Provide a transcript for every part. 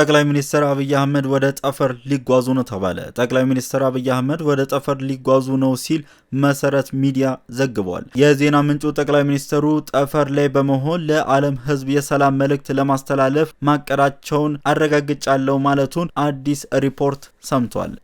ጠቅላይ ሚኒስትር አብይ አህመድ ወደ ጠፈር ሊጓዙ ነው ተባለ። ጠቅላይ ሚኒስትር አብይ አህመድ ወደ ጠፈር ሊጓዙ ነው ሲል መሰረት ሚዲያ ዘግቧል። የዜና ምንጩ ጠቅላይ ሚኒስትሩ ጠፈር ላይ በመሆን ለዓለም ሕዝብ የሰላም መልእክት ለማስተላለፍ ማቀዳቸውን አረጋግጫለሁ ማለቱን አዲስ ሪፖርት ሰምቷል።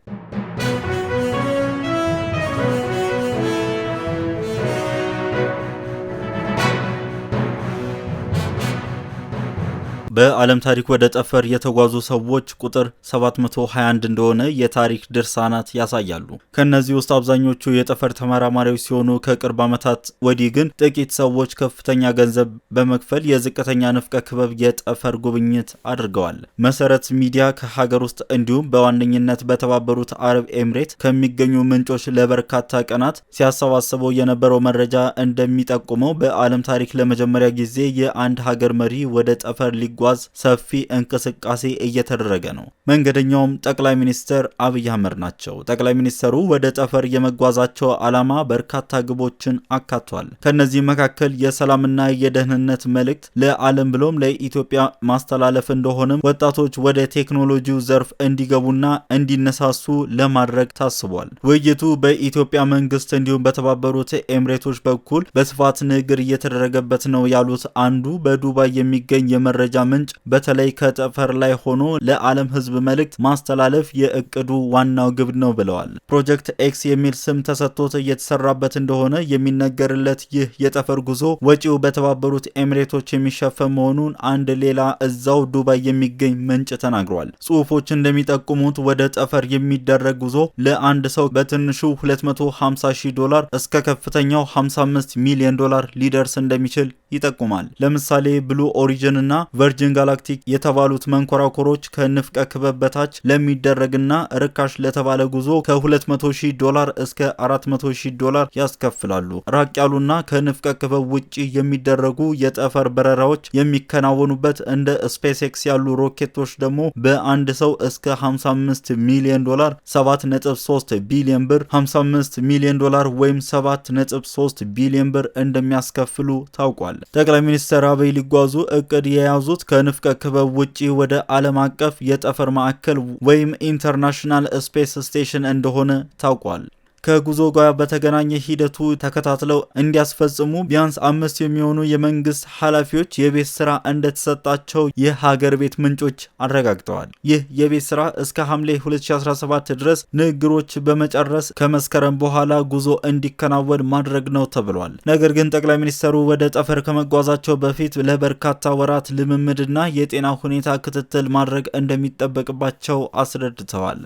በዓለም ታሪክ ወደ ጠፈር የተጓዙ ሰዎች ቁጥር 721 እንደሆነ የታሪክ ድርሳናት ያሳያሉ። ከእነዚህ ውስጥ አብዛኞቹ የጠፈር ተመራማሪዎች ሲሆኑ ከቅርብ ዓመታት ወዲህ ግን ጥቂት ሰዎች ከፍተኛ ገንዘብ በመክፈል የዝቅተኛ ንፍቀ ክበብ የጠፈር ጉብኝት አድርገዋል። መሰረት ሚዲያ ከሀገር ውስጥ እንዲሁም በዋነኝነት በተባበሩት አረብ ኤምሬት ከሚገኙ ምንጮች ለበርካታ ቀናት ሲያሰባስበው የነበረው መረጃ እንደሚጠቁመው በዓለም ታሪክ ለመጀመሪያ ጊዜ የአንድ ሀገር መሪ ወደ ጠፈር ሊጓ እንዲጓዝ ሰፊ እንቅስቃሴ እየተደረገ ነው። መንገደኛውም ጠቅላይ ሚኒስትር አብይ አህመድ ናቸው። ጠቅላይ ሚኒስትሩ ወደ ጠፈር የመጓዛቸው ዓላማ በርካታ ግቦችን አካቷል። ከእነዚህ መካከል የሰላምና የደህንነት መልእክት ለዓለም ብሎም ለኢትዮጵያ ማስተላለፍ እንደሆነም ወጣቶች ወደ ቴክኖሎጂው ዘርፍ እንዲገቡና እንዲነሳሱ ለማድረግ ታስቧል። ውይይቱ በኢትዮጵያ መንግስት እንዲሁም በተባበሩት ኤምሬቶች በኩል በስፋት ንግግር እየተደረገበት ነው ያሉት አንዱ በዱባይ የሚገኝ የመረጃ ምንጭ በተለይ ከጠፈር ላይ ሆኖ ለዓለም ሕዝብ መልእክት ማስተላለፍ የእቅዱ ዋናው ግብ ነው ብለዋል። ፕሮጀክት ኤክስ የሚል ስም ተሰጥቶት እየተሰራበት እንደሆነ የሚነገርለት ይህ የጠፈር ጉዞ ወጪው በተባበሩት ኤሚሬቶች የሚሸፈን መሆኑን አንድ ሌላ እዛው ዱባይ የሚገኝ ምንጭ ተናግሯል። ጽሁፎች እንደሚጠቁሙት ወደ ጠፈር የሚደረግ ጉዞ ለአንድ ሰው በትንሹ 250 ሺህ ዶላር እስከ ከፍተኛው 55 ሚሊዮን ዶላር ሊደርስ እንደሚችል ይጠቁማል። ለምሳሌ ብሉ ኦሪጅን እና ቨርጅ ቨርጅን ጋላክቲክ የተባሉት መንኮራኮሮች ከንፍቀ ክበብ በታች ለሚደረግና ርካሽ ለተባለ ጉዞ ከ200 ሺህ ዶላር እስከ 400 ሺህ ዶላር ያስከፍላሉ። ራቅ ያሉና ከንፍቀ ክበብ ውጪ የሚደረጉ የጠፈር በረራዎች የሚከናወኑበት እንደ ስፔስ ኤክስ ያሉ ሮኬቶች ደግሞ በአንድ ሰው እስከ 55 ሚሊዮን ዶላር 7.3 ቢሊዮን ብር 55 ሚሊዮን ዶላር ወይም 7.3 ቢሊዮን ብር እንደሚያስከፍሉ ታውቋል። ጠቅላይ ሚኒስትር አብይ ሊጓዙ እቅድ የያዙት ከንፍቀ ክበብ ውጪ ወደ ዓለም አቀፍ የጠፈር ማዕከል ወይም ኢንተርናሽናል ስፔስ ስቴሽን እንደሆነ ታውቋል። ከጉዞ ጋር በተገናኘ ሂደቱ ተከታትለው እንዲያስፈጽሙ ቢያንስ አምስት የሚሆኑ የመንግስት ኃላፊዎች የቤት ስራ እንደተሰጣቸው የሀገር ቤት ምንጮች አረጋግጠዋል። ይህ የቤት ስራ እስከ ሐምሌ 2017 ድረስ ንግግሮች በመጨረስ ከመስከረም በኋላ ጉዞ እንዲከናወን ማድረግ ነው ተብሏል። ነገር ግን ጠቅላይ ሚኒስትሩ ወደ ጠፈር ከመጓዛቸው በፊት ለበርካታ ወራት ልምምድና የጤና ሁኔታ ክትትል ማድረግ እንደሚጠበቅባቸው አስረድተዋል።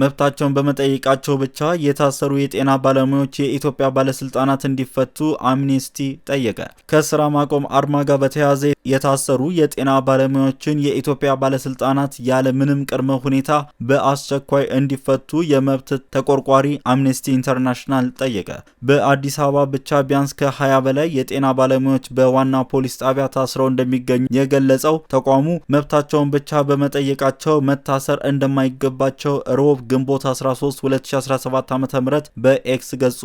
መብታቸውን በመጠየቃቸው ብቻ የታሰሩ የጤና ባለሙያዎች የኢትዮጵያ ባለስልጣናት እንዲፈቱ አምኔስቲ ጠየቀ። ከስራ ማቆም አድማ ጋር በተያያዘ የታሰሩ የጤና ባለሙያዎችን የኢትዮጵያ ባለስልጣናት ያለ ምንም ቅድመ ሁኔታ በአስቸኳይ እንዲፈቱ የመብት ተቆርቋሪ አምኔስቲ ኢንተርናሽናል ጠየቀ። በአዲስ አበባ ብቻ ቢያንስ ከ20 በላይ የጤና ባለሙያዎች በዋና ፖሊስ ጣቢያ ታስረው እንደሚገኙ የገለጸው ተቋሙ መብታቸውን ብቻ በመጠየቃቸው መታሰር እንደማይገባቸው ሮብ ግንቦት 13 2017 ዓ.ም በኤክስ ገጹ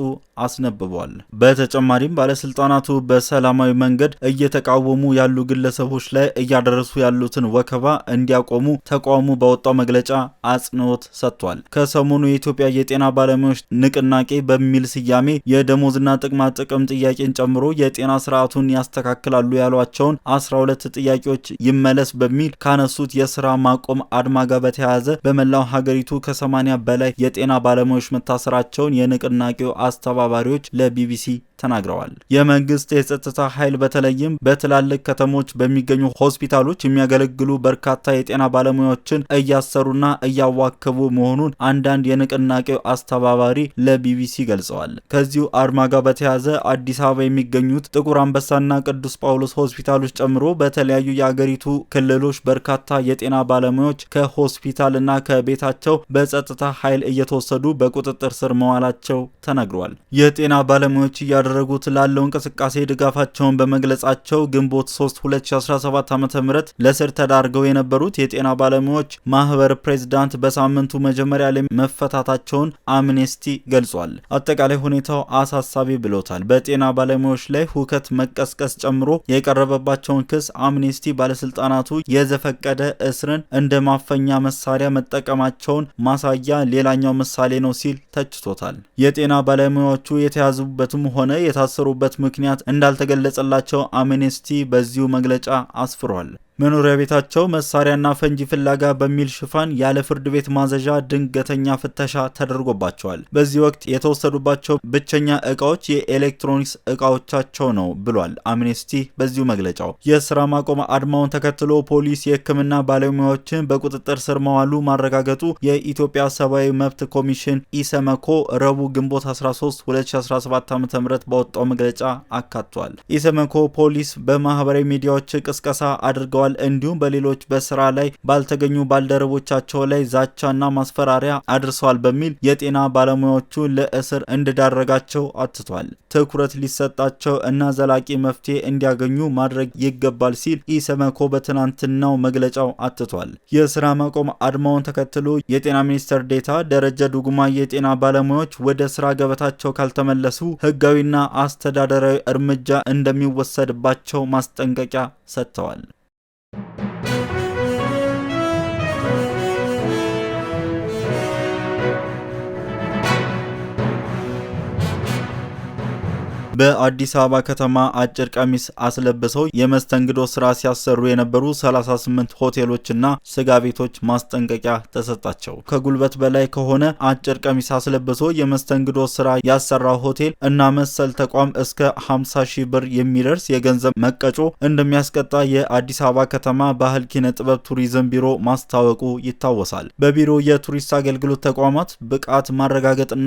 አስነብቧል። በተጨማሪም ባለስልጣናቱ በሰላማዊ መንገድ እየተቃወሙ ያሉ ግለሰቦች ላይ እያደረሱ ያሉትን ወከባ እንዲያቆሙ ተቋሙ በወጣው መግለጫ አጽንኦት ሰጥቷል። ከሰሞኑ የኢትዮጵያ የጤና ባለሙያዎች ንቅናቄ በሚል ስያሜ የደሞዝና ጥቅማ ጥቅም ጥያቄን ጨምሮ የጤና ስርዓቱን ያስተካክላሉ ያሏቸውን 12 ጥያቄዎች ይመለስ በሚል ካነሱት የስራ ማቆም አድማ ጋር በተያያዘ በመላው ሀገሪቱ ከ ከ80 በላይ የጤና ባለሙያዎች መታሰራቸውን የንቅናቄው አስተባባሪዎች ለቢቢሲ ተናግረዋል። የመንግስት የጸጥታ ኃይል በተለይም በትላልቅ ከተሞች በሚገኙ ሆስፒታሎች የሚያገለግሉ በርካታ የጤና ባለሙያዎችን እያሰሩና እያዋከቡ መሆኑን አንዳንድ የንቅናቄው አስተባባሪ ለቢቢሲ ገልጸዋል። ከዚሁ አድማ ጋር በተያያዘ አዲስ አበባ የሚገኙት ጥቁር አንበሳና ቅዱስ ጳውሎስ ሆስፒታሎች ጨምሮ በተለያዩ የአገሪቱ ክልሎች በርካታ የጤና ባለሙያዎች ከሆስፒታልና ከቤታቸው በጸጥታ ኃይል እየተወሰዱ በቁጥጥር ስር መዋላቸው ተነግሯል። የጤና ባለሙያዎች እያደ ላደረጉት ላለው እንቅስቃሴ ድጋፋቸውን በመግለጻቸው ግንቦት 3 2017 ዓ ም ለስር ተዳርገው የነበሩት የጤና ባለሙያዎች ማህበር ፕሬዝዳንት በሳምንቱ መጀመሪያ ላይ መፈታታቸውን አምኔስቲ ገልጿል። አጠቃላይ ሁኔታው አሳሳቢ ብሎታል። በጤና ባለሙያዎች ላይ ሁከት መቀስቀስ ጨምሮ የቀረበባቸውን ክስ አምኔስቲ ባለስልጣናቱ የዘፈቀደ እስርን እንደ ማፈኛ መሳሪያ መጠቀማቸውን ማሳያ ሌላኛው ምሳሌ ነው ሲል ተችቶታል። የጤና ባለሙያዎቹ የተያዙበትም ሆነ የታሰሩበት ምክንያት እንዳልተገለጸላቸው አምኔስቲ በዚሁ መግለጫ አስፍሯል። መኖሪያ ቤታቸው መሳሪያና ፈንጂ ፍላጋ በሚል ሽፋን ያለ ፍርድ ቤት ማዘዣ ድንገተኛ ፍተሻ ተደርጎባቸዋል። በዚህ ወቅት የተወሰዱባቸው ብቸኛ እቃዎች የኤሌክትሮኒክስ እቃዎቻቸው ነው ብሏል አምኔስቲ በዚሁ መግለጫው። የስራ ማቆም አድማውን ተከትሎ ፖሊስ የሕክምና ባለሙያዎችን በቁጥጥር ስር መዋሉ ማረጋገጡ የኢትዮጵያ ሰብአዊ መብት ኮሚሽን ኢሰመኮ ረቡዕ ግንቦት 13 2017 ዓ ም ባወጣው መግለጫ አካቷል። ኢሰመኮ ፖሊስ በማህበራዊ ሚዲያዎች ቅስቀሳ አድርገዋል ተናግረዋል። እንዲሁም በሌሎች በስራ ላይ ባልተገኙ ባልደረቦቻቸው ላይ ዛቻና ማስፈራሪያ አድርሰዋል በሚል የጤና ባለሙያዎቹ ለእስር እንዳረጋቸው አትቷል። ትኩረት ሊሰጣቸው እና ዘላቂ መፍትሄ እንዲያገኙ ማድረግ ይገባል ሲል ኢሰመኮ በትናንትናው መግለጫው አትቷል። የስራ መቆም አድማውን ተከትሎ የጤና ሚኒስትር ዴታ ደረጀ ዱጉማ የጤና ባለሙያዎች ወደ ስራ ገበታቸው ካልተመለሱ ሕጋዊና አስተዳደራዊ እርምጃ እንደሚወሰድባቸው ማስጠንቀቂያ ሰጥተዋል። በአዲስ አበባ ከተማ አጭር ቀሚስ አስለብሰው የመስተንግዶ ስራ ሲያሰሩ የነበሩ 38 ሆቴሎችና ስጋ ቤቶች ማስጠንቀቂያ ተሰጣቸው። ከጉልበት በላይ ከሆነ አጭር ቀሚስ አስለብሶ የመስተንግዶ ስራ ያሰራ ሆቴል እና መሰል ተቋም እስከ 50 ሺህ ብር የሚደርስ የገንዘብ መቀጮ እንደሚያስቀጣ የአዲስ አበባ ከተማ ባህል ኪነ ጥበብ ቱሪዝም ቢሮ ማስታወቁ ይታወሳል። በቢሮ የቱሪስት አገልግሎት ተቋማት ብቃት ማረጋገጥና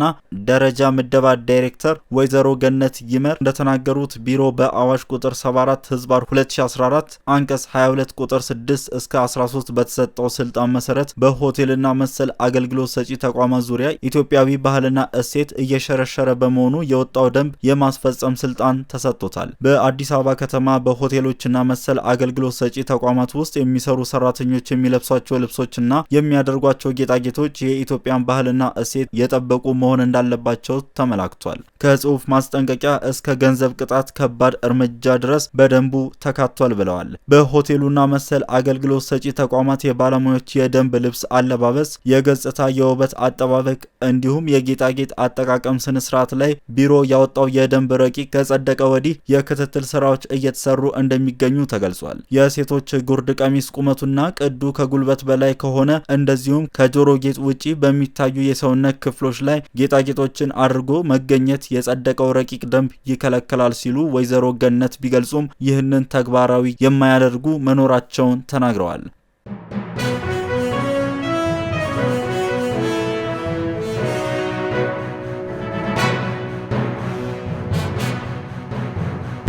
ደረጃ ምደባ ዳይሬክተር ወይዘሮ ገነት ይመር እንደተናገሩት ቢሮ በአዋጅ ቁጥር 74 ህዝባር 2014 አንቀጽ 22 ቁጥር 6 እስከ 13 በተሰጠው ስልጣን መሰረት በሆቴልና መሰል አገልግሎት ሰጪ ተቋማት ዙሪያ ኢትዮጵያዊ ባህልና እሴት እየሸረሸረ በመሆኑ የወጣው ደንብ የማስፈጸም ስልጣን ተሰጥቶታል። በአዲስ አበባ ከተማ በሆቴሎችና መሰል አገልግሎት ሰጪ ተቋማት ውስጥ የሚሰሩ ሰራተኞች የሚለብሷቸው ልብሶችና የሚያደርጓቸው ጌጣጌጦች የኢትዮጵያን ባህልና እሴት የጠበቁ መሆን እንዳለባቸው ተመላክቷል። ከጽሁፍ ማስጠንቀቂያ እስከ ገንዘብ ቅጣት ከባድ እርምጃ ድረስ በደንቡ ተካቷል ብለዋል። በሆቴሉና መሰል አገልግሎት ሰጪ ተቋማት የባለሙያዎች የደንብ ልብስ አለባበስ፣ የገጽታ የውበት አጠባበቅ እንዲሁም የጌጣጌጥ አጠቃቀም ስነስርዓት ላይ ቢሮ ያወጣው የደንብ ረቂቅ ከጸደቀ ወዲህ የክትትል ስራዎች እየተሰሩ እንደሚገኙ ተገልጿል። የሴቶች ጉርድ ቀሚስ ቁመቱና ቅዱ ከጉልበት በላይ ከሆነ እንደዚሁም ከጆሮ ጌጥ ውጪ በሚታዩ የሰውነት ክፍሎች ላይ ጌጣጌጦችን አድርጎ መገኘት የጸደቀው ረቂቅ ደንብ ይከለክላል ሲሉ ወይዘሮ ገነት ቢገልጹም ይህንን ተግባራዊ የማያደርጉ መኖራቸውን ተናግረዋል።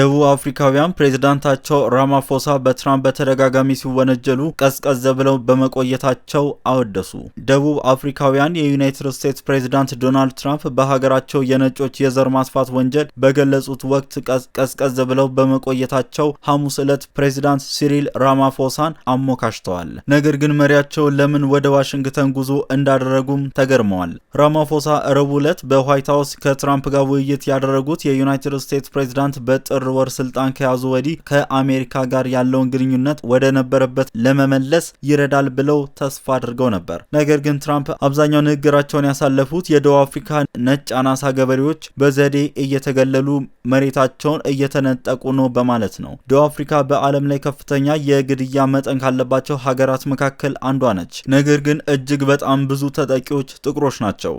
ደቡብ አፍሪካውያን ፕሬዝዳንታቸው ራማፎሳ በትራምፕ በተደጋጋሚ ሲወነጀሉ ቀዝቀዝ ብለው በመቆየታቸው አወደሱ። ደቡብ አፍሪካውያን የዩናይትድ ስቴትስ ፕሬዝዳንት ዶናልድ ትራምፕ በሀገራቸው የነጮች የዘር ማስፋት ወንጀል በገለጹት ወቅት ቀዝቀዝ ብለው በመቆየታቸው ሐሙስ ዕለት ፕሬዝዳንት ሲሪል ራማፎሳን አሞካሽተዋል። ነገር ግን መሪያቸው ለምን ወደ ዋሽንግተን ጉዞ እንዳደረጉም ተገርመዋል። ራማፎሳ ረቡዕ ዕለት በዋይት ሀውስ ከትራምፕ ጋር ውይይት ያደረጉት የዩናይትድ ስቴትስ ፕሬዝዳንት በጥር ወር ስልጣን ከያዙ ወዲህ ከአሜሪካ ጋር ያለውን ግንኙነት ወደ ነበረበት ለመመለስ ይረዳል ብለው ተስፋ አድርገው ነበር። ነገር ግን ትራምፕ አብዛኛው ንግግራቸውን ያሳለፉት የደቡብ አፍሪካ ነጭ አናሳ ገበሬዎች በዘዴ እየተገለሉ መሬታቸውን እየተነጠቁ ነው በማለት ነው። ደቡብ አፍሪካ በዓለም ላይ ከፍተኛ የግድያ መጠን ካለባቸው ሀገራት መካከል አንዷ ነች። ነገር ግን እጅግ በጣም ብዙ ተጠቂዎች ጥቁሮች ናቸው።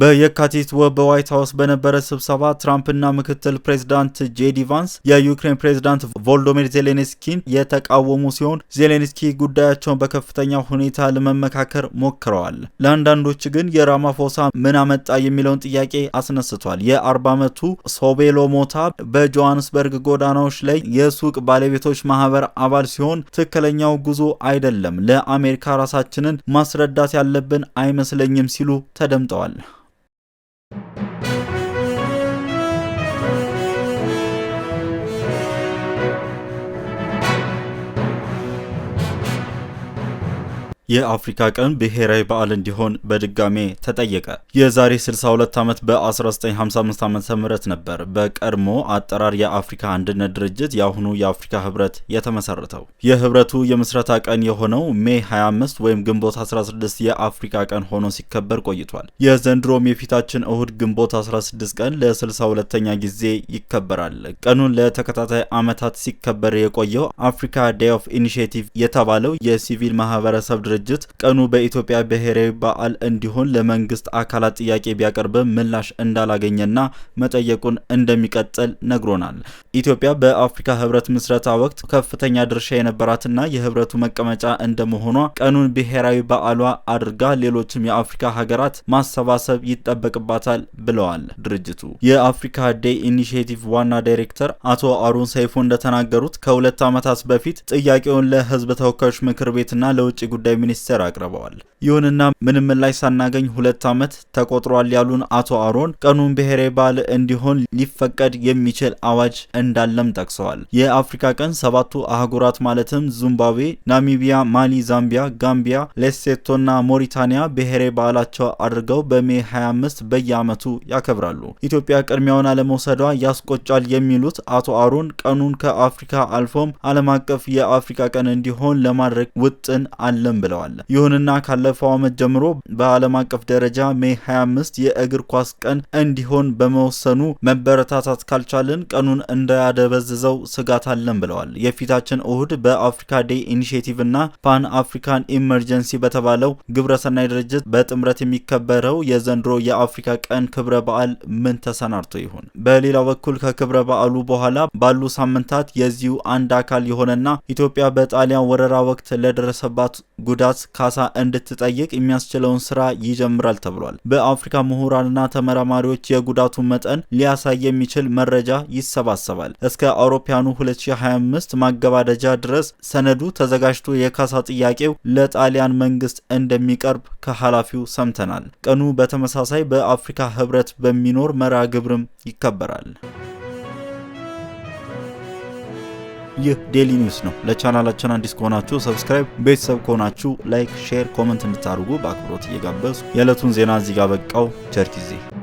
በየካቲት ወር በዋይት ሀውስ በነበረ ስብሰባ ትራምፕና ምክትል ፕሬዚዳንት ጄዲ ቫንስ የዩክሬን ፕሬዚዳንት ቮልዶሚር ዜሌንስኪን የተቃወሙ ሲሆን ዜሌንስኪ ጉዳያቸውን በከፍተኛ ሁኔታ ለመመካከር ሞክረዋል። ለአንዳንዶች ግን የራማፎሳ ምን አመጣ የሚለውን ጥያቄ አስነስቷል። የ40 ዓመቱ ሶቤሎ ሞታ በጆሃንስበርግ ጎዳናዎች ላይ የሱቅ ባለቤቶች ማህበር አባል ሲሆን ትክክለኛው ጉዞ አይደለም፣ ለአሜሪካ ራሳችንን ማስረዳት ያለብን አይመስለኝም ሲሉ ተደምጠዋል። Thank you የአፍሪካ ቀን ብሔራዊ በዓል እንዲሆን በድጋሜ ተጠየቀ። የዛሬ 62 ዓመት በ1955 ዓ ም ነበር በቀድሞ አጠራር የአፍሪካ አንድነት ድርጅት የአሁኑ የአፍሪካ ህብረት የተመሰረተው። የህብረቱ የምስረታ ቀን የሆነው ሜ 25 ወይም ግንቦት 16 የአፍሪካ ቀን ሆኖ ሲከበር ቆይቷል። የዘንድሮም የፊታችን እሁድ ግንቦት 16 ቀን ለ62ኛ ጊዜ ይከበራል። ቀኑን ለተከታታይ ዓመታት ሲከበር የቆየው አፍሪካ ዴይ ኦፍ ኢኒሽቲቭ የተባለው የሲቪል ማህበረሰብ ድርጅት ድርጅት ቀኑ በኢትዮጵያ ብሔራዊ በዓል እንዲሆን ለመንግስት አካላት ጥያቄ ቢያቀርብ ምላሽ እንዳላገኘና መጠየቁን እንደሚቀጥል ነግሮናል። ኢትዮጵያ በአፍሪካ ህብረት ምስረታ ወቅት ከፍተኛ ድርሻ የነበራትና የህብረቱ መቀመጫ እንደመሆኗ ቀኑን ብሔራዊ በዓሏ አድርጋ ሌሎችም የአፍሪካ ሀገራት ማሰባሰብ ይጠበቅባታል ብለዋል ድርጅቱ። የአፍሪካ ዴይ ኢኒሽቲቭ ዋና ዳይሬክተር አቶ አሩን ሰይፎ እንደተናገሩት ከሁለት ዓመታት በፊት ጥያቄውን ለህዝብ ተወካዮች ምክር ቤትና ለውጭ ጉዳይ ሚኒስቴር አቅርበዋል። ይሁንና ምንም ምላሽ ሳናገኝ ሁለት ዓመት ተቆጥሯል ያሉን አቶ አሮን ቀኑን ብሔራዊ በዓል እንዲሆን ሊፈቀድ የሚችል አዋጅ እንዳለም ጠቅሰዋል። የአፍሪካ ቀን ሰባቱ አህጉራት ማለትም ዚምባብዌ፣ ናሚቢያ፣ ማሊ፣ ዛምቢያ፣ ጋምቢያ፣ ሌሴቶና ሞሪታኒያ ብሔራዊ በዓላቸው አድርገው በሜ 25 በየዓመቱ ያከብራሉ። ኢትዮጵያ ቅድሚያውን አለመውሰዷ ያስቆጫል የሚሉት አቶ አሮን ቀኑን ከአፍሪካ አልፎም ዓለም አቀፍ የአፍሪካ ቀን እንዲሆን ለማድረግ ውጥን አለም ብለዋል። ብለዋል። ይሁንና ካለፈው ዓመት ጀምሮ በዓለም አቀፍ ደረጃ ሜይ 25 የእግር ኳስ ቀን እንዲሆን በመወሰኑ መበረታታት ካልቻልን ቀኑን እንዳያደበዝዘው ስጋት አለን ብለዋል። የፊታችን እሁድ በአፍሪካ ዴይ ኢኒሽቲቭ እና ፓን አፍሪካን ኢመርጀንሲ በተባለው ግብረሰናይ ድርጅት በጥምረት የሚከበረው የዘንድሮ የአፍሪካ ቀን ክብረ በዓል ምን ተሰናድቶ ይሆን? በሌላ በኩል ከክብረ በዓሉ በኋላ ባሉ ሳምንታት የዚሁ አንድ አካል የሆነና ኢትዮጵያ በጣሊያን ወረራ ወቅት ለደረሰባት ጉዳ ጉዳት ካሳ እንድትጠይቅ የሚያስችለውን ስራ ይጀምራል ተብሏል። በአፍሪካ ምሁራንና ተመራማሪዎች የጉዳቱን መጠን ሊያሳይ የሚችል መረጃ ይሰባሰባል። እስከ አውሮፓያኑ 2025 ማገባደጃ ድረስ ሰነዱ ተዘጋጅቶ የካሳ ጥያቄው ለጣሊያን መንግስት እንደሚቀርብ ከኃላፊው ሰምተናል። ቀኑ በተመሳሳይ በአፍሪካ ህብረት በሚኖር መርሃ ግብርም ይከበራል። ይህ ዴሊ ኒውስ ነው። ለቻናላችን አዲስ ከሆናችሁ ሰብስክራይብ፣ ቤተሰብ ከሆናችሁ ላይክ፣ ሼር፣ ኮመንት እንድታደርጉ በአክብሮት እየጋበዝኩ የዕለቱን ዜና እዚህ ጋር በቃው። ቸር ጊዜ